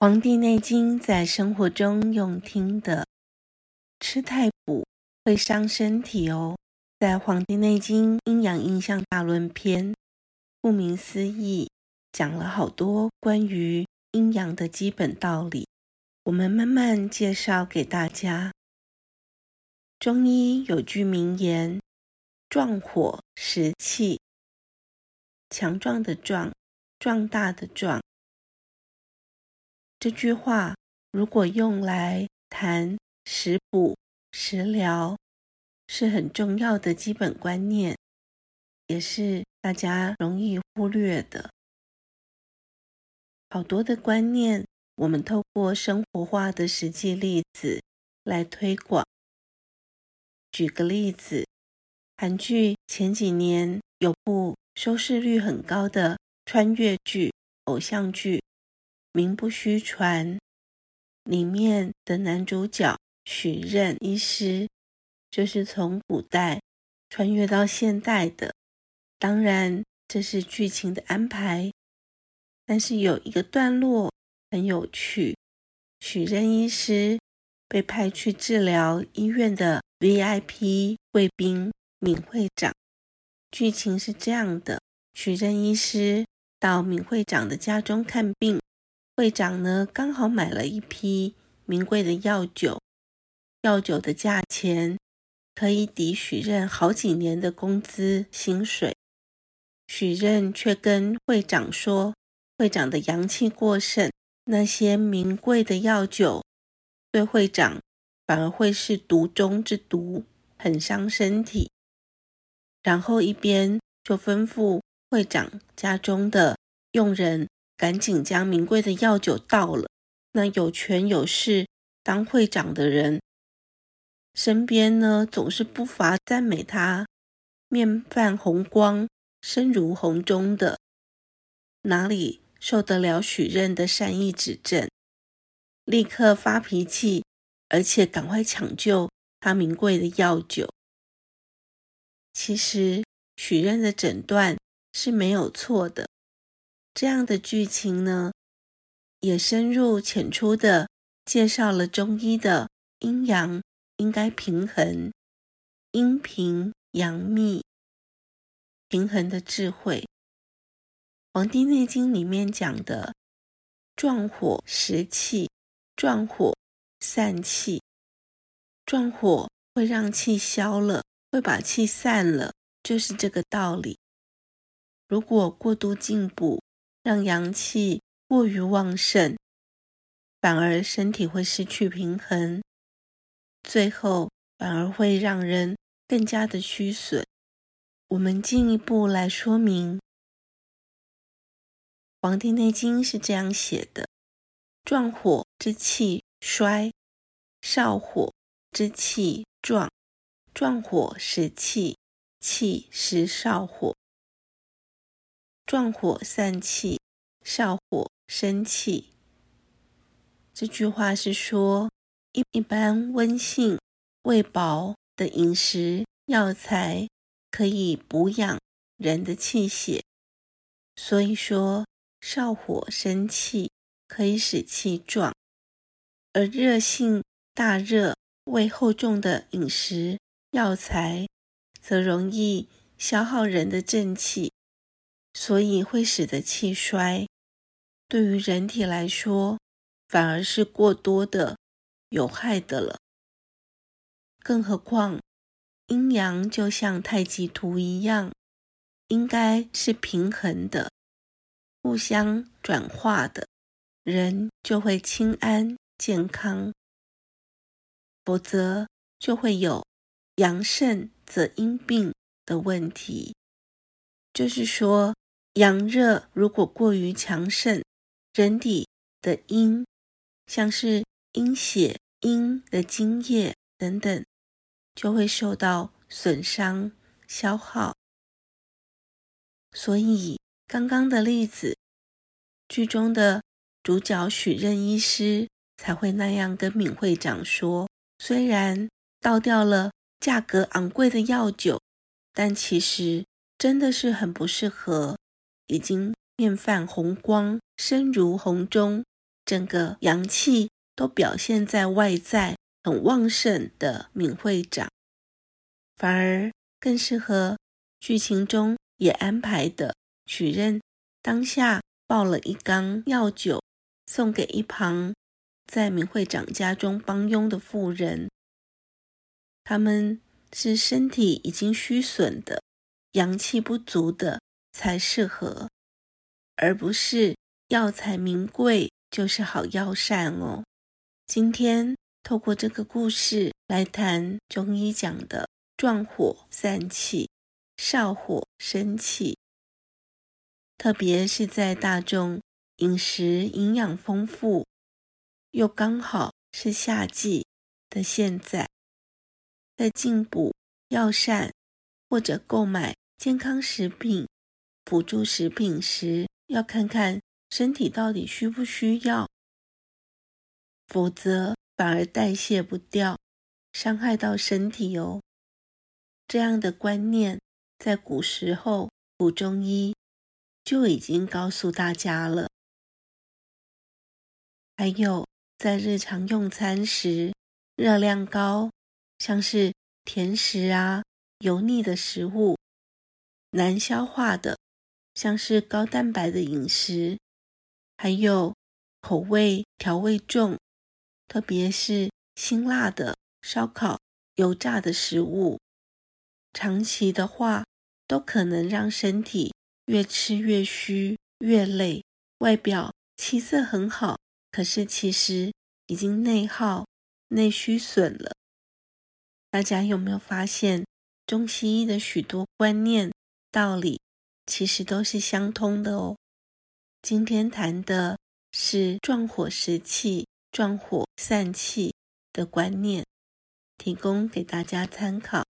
《黃帝內經》在生活中用聽的，吃太補會傷身體哦。在《黃帝內經·陰陽應象大論篇》，顧名思義，講了好多關於陰陽的基本道理，我們慢慢介紹給大家。中醫有句名言：“壯火食氣”，強壯的壯，壯大的壯。這句話如果用來談食補、食療，是很重要的基本觀念，也是大家容易忽略的。好多的觀念，我們透過生活化的實際例子來推廣。舉個例子，韓劇前幾年有部收視率很高的穿越劇、偶像劇。名不虛傳，裡面的男主角許任醫師就是從古代穿越到現代的。當然，這是劇情的安排。但是有一個段落很有趣，許任醫師被派去治療醫院的 VIP 貴賓閔會長。劇情是這樣的：許任醫師到閔會長的家中看病。會長呢，剛好買了一批名貴的藥酒，藥酒的價錢可以抵許任好幾年的工資薪水。許任卻跟會長說，會長的陽氣過盛，那些名貴的藥酒對會長反而會是毒中之毒，很傷身體。然後一邊就吩咐會長家中的傭人。趕緊將名貴的藥酒倒了。那有權有勢當會長的人，身邊呢總是不乏讚美他，面泛紅光、聲如洪鐘的，哪裡受得了許任的善意指正？立刻發脾氣，而且趕快搶救他名貴的藥酒。其實許任的診斷是沒有錯的。這樣的劇情呢，也深入淺出的介紹了中醫的陰陽應該平衡，陰平陽秘，平衡的智慧。《黃帝內經》裡面講的壯火食氣，壯火散氣，壯火會讓氣消了，會把氣散了，就是這個道理。如果過度進補，讓陽氣過於旺盛，反而身體會失去平衡，最後反而會讓人更加的虛損。我們進一步來說明，《黃帝內經》是這樣寫的：壯火之氣衰，少火之氣壯。壯火食氣，氣食少火。壯火散氣，少火生氣。這句話是說，一一般溫性、味薄的飲食藥材，可以補養人的氣血，所以說少火生氣，可以使氣壯，而熱性、大熱、味厚重的飲食藥材則容易消耗人的正氣。所以會使得氣衰，對於人體來說，反而是過多的、有害的了。更何況，陰陽就像太極圖一樣，應該是平衡的、互相轉化的，人就會輕安、健康；否則就會有陽盛則陰病的問題，就是說，陽熱如果過於強盛，人體的陰，像是陰血、陰的津液等等，就會受到損傷、消耗。所以剛剛的例子，劇中的主角許任醫師才會那樣跟閔會長說：雖然倒掉了價格昂貴的藥酒，但其實真的是很不適合。已經面泛紅光、聲如洪鐘、整個陽氣都表現在外在，很旺盛的閔會長，反而更適合劇情中也安排的許任當下抱了一缸藥酒，送給一旁在閔會長家中幫傭的婦人。他們是身體已經虛損的，陽氣不足的。才適合，而不是藥材名貴就是好藥膳哦。今天透過這個故事來談中醫講的壯火散氣、少火生氣，特別是在大眾飲食營養豐富，又剛好是夏季的現在，在進補藥膳或者購買健康食品，輔助食品時要看看身體到底需不需要，否則反而代謝不掉，傷害到身體哦。這樣的觀念在古時候古中醫就已經告訴大家了。還有在日常用餐時，熱量高，像是甜食啊、油膩的食物、難消化的。像是高蛋白的飲食，還有口味調味重，特別是辛辣的燒烤、油炸的食物，長期的話都可能讓身體越吃越虛、越累。外表氣色很好，可是其實已經內耗、內虛損了。大家有沒有發現中西醫的許多觀念、道理，其實都是相通的哦。今天談的是壯火食氣、壯火散氣的觀念，提供給大家參考。